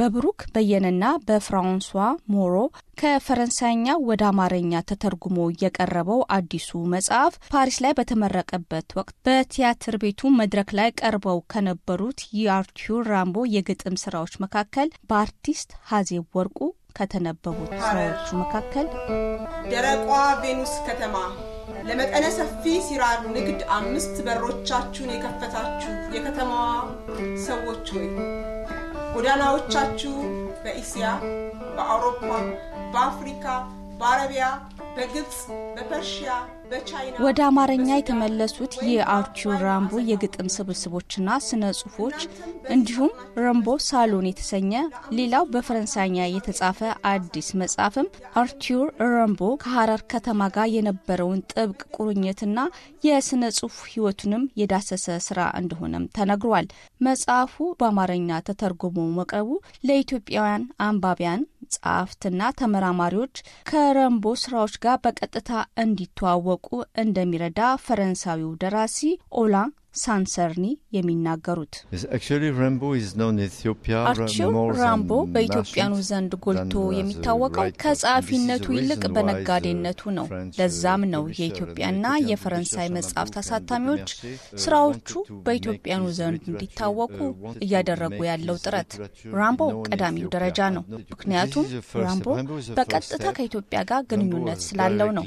በብሩክ በየነና በፍራንሷ ሞሮ ከፈረንሳይኛ ወደ አማርኛ ተተርጉሞ የቀረበው አዲሱ መጽሐፍ ፓሪስ ላይ በተመረቀበት ወቅት በቲያትር ቤቱ መድረክ ላይ ቀርበው ከነበሩት የአርቱር ራምቦ የግጥም ስራዎች መካከል በአርቲስት ሀዜብ ወርቁ ከተነበቡት ስራዎቹ መካከል ደረቋ ቬኑስ ከተማ ለመጠነ ሰፊ ሲራር ንግድ አምስት በሮቻችሁን የከፈታችሁ የከተማዋ ሰዎች ሆይ ጎዳናዎቻችሁ በእስያ፣ በአውሮፓ፣ በአፍሪካ በአረቢያ፣ በግብፅ፣ በፐርሺያ፣ በቻይና ወደ አማርኛ የተመለሱት የአርኪው ራምቦ የግጥም ስብስቦችና ስነ ጽሁፎች እንዲሁም ረምቦ ሳሎን የተሰኘ ሌላው በፈረንሳይኛ የተጻፈ አዲስ መጽሐፍም አርቱር ረምቦ ከሀረር ከተማ ጋር የነበረውን ጥብቅ ቁርኝትና የስነ ጽሁፍ ህይወቱንም የዳሰሰ ስራ እንደሆነም ተነግሯል። መጽሐፉ በአማርኛ ተተርጉሞ መቅረቡ ለኢትዮጵያውያን አንባቢያን ጸሐፍትና ተመራማሪዎች ከረምቦ ስራዎች ጋር በቀጥታ እንዲተዋወቁ እንደሚረዳ ፈረንሳዊው ደራሲ ኦላን ሳንሰርኒ የሚናገሩት። አርቺው ራምቦ በኢትዮጵያኑ ዘንድ ጎልቶ uh, የሚታወቀው ከጸሐፊነቱ ይልቅ በነጋዴነቱ ነው። ለዛም uh, ነው የኢትዮጵያና የፈረንሳይ መጻሕፍት አሳታሚዎች ስራዎቹ በኢትዮጵያኑ ዘንድ እንዲታወቁ እያደረጉ ያለው ጥረት። ራምቦ ቀዳሚው ደረጃ ነው። ምክንያቱም ራምቦ በቀጥታ ከኢትዮጵያ ጋር ግንኙነት ስላለው ነው።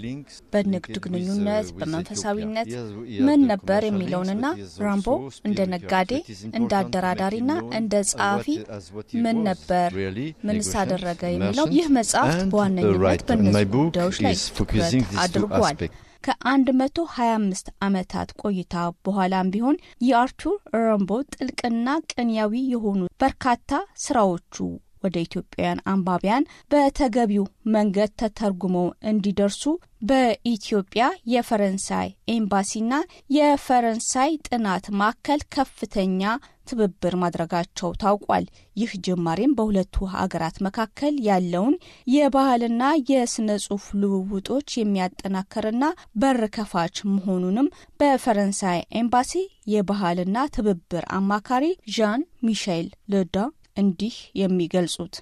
በንግድ uh, ግንኙነት፣ በመንፈሳዊነት ምን ነበር የሚለውንና ራምቦ እንደ ነጋዴ፣ እንደ አደራዳሪና እንደ ጸሐፊ ምን ነበር፣ ምን ሳደረገ የሚለው ይህ መጽሐፍት በዋነኝነት በእነዚህ ጉዳዮች ላይ ትኩረት አድርጓል። ከ125 ዓመታት ቆይታ በኋላም ቢሆን የአርቱር ራምቦ ጥልቅና ቅንያዊ የሆኑ በርካታ ስራዎቹ ወደ ኢትዮጵያውያን አንባቢያን በተገቢው መንገድ ተተርጉመው እንዲደርሱ በኢትዮጵያ የፈረንሳይ ኤምባሲና የፈረንሳይ ጥናት ማዕከል ከፍተኛ ትብብር ማድረጋቸው ታውቋል። ይህ ጅማሬም በሁለቱ ሀገራት መካከል ያለውን የባህልና የስነ ጽሁፍ ልውውጦች የሚያጠናከርና በር ከፋች መሆኑንም በፈረንሳይ ኤምባሲ የባህልና ትብብር አማካሪ ዣን ሚሼል ለዳ እንዲህ የሚገልጹት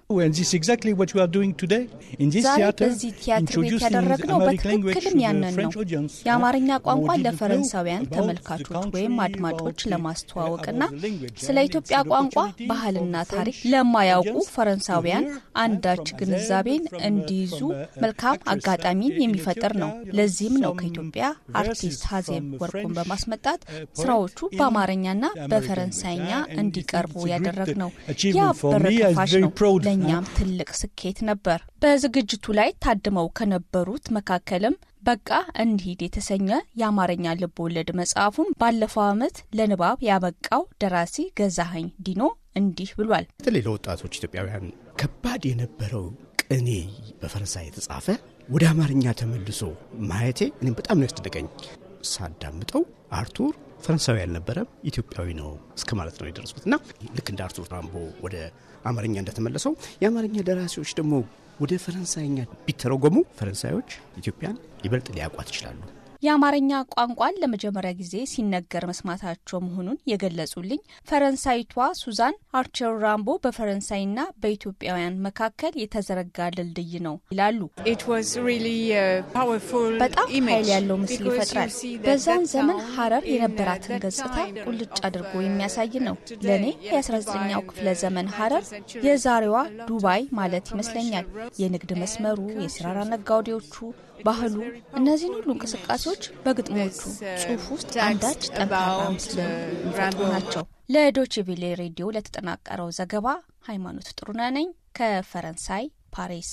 ዛሬ በዚህ ቲያትር ቤት ያደረግነው በትክክልም ያንን ነው። የአማርኛ ቋንቋ ለፈረንሳውያን ተመልካቾች ወይም አድማጮች ለማስተዋወቅና ስለ ኢትዮጵያ ቋንቋ ባህልና ታሪክ ለማያውቁ ፈረንሳውያን አንዳች ግንዛቤን uh, እንዲይዙ uh, መልካም አጋጣሚን የሚፈጥር ነው። ለዚህም ነው ከኢትዮጵያ አርቲስት ሀዜብ ወርቁን uh, በማስመጣት ስራዎቹ በአማርኛና በፈረንሳይኛ እንዲቀርቡ ያደረግ ነው። ነው፣ ለእኛም ትልቅ ስኬት ነበር። በዝግጅቱ ላይ ታድመው ከነበሩት መካከልም በቃ እንሂድ የተሰኘ የአማርኛ ልብ ወለድ መጽሐፉን ባለፈው ዓመት ለንባብ ያበቃው ደራሲ ገዛኸኝ ዲኖ እንዲህ ብሏል። በተለይ ለወጣቶች ኢትዮጵያውያን ከባድ የነበረው ቅኔ በፈረንሳይ የተጻፈ ወደ አማርኛ ተመልሶ ማየቴ እኔም በጣም ነው ያስደነቀኝ። ሳዳምጠው አርቱር ፈረንሳዊ አልነበረም፣ ኢትዮጵያዊ ነው እስከ ማለት ነው የደረስኩት እና ልክ እንደ አርቱር ራምቦ ወደ አማርኛ እንደተመለሰው የአማርኛ ደራሲዎች ደግሞ ወደ ፈረንሳይኛ ቢተረጎሙ ፈረንሳዮች ኢትዮጵያን ይበልጥ ሊያውቋት ይችላሉ። የአማርኛ ቋንቋን ለመጀመሪያ ጊዜ ሲነገር መስማታቸው መሆኑን የገለጹልኝ ፈረንሳይቷ ሱዛን አርቸር ራምቦ በፈረንሳይና በኢትዮጵያውያን መካከል የተዘረጋ ድልድይ ነው ይላሉ። በጣም ኃይል ያለው ምስል ይፈጥራል። በዛን ዘመን ሀረር uh, የነበራትን ገጽታ ቁልጭ አድርጎ uh, የሚያሳይ ነው። ለእኔ የ19ኛው ክፍለ ዘመን ሀረር የዛሬዋ ዱባይ ማለት ይመስለኛል። የንግድ መስመሩ፣ የስራራ ነጋዴዎቹ፣ ባህሉ፣ እነዚህን ሁሉ እንቅስቃሴዎች ቃሎች በግጥሞቹ ጽሁፍ ውስጥ አንዳች ጠንካራ uh, ናቸው። ለዶችቪሌ ሬዲዮ ለተጠናቀረው ዘገባ ሃይማኖት ጥሩነህ ነኝ ከፈረንሳይ ፓሪስ።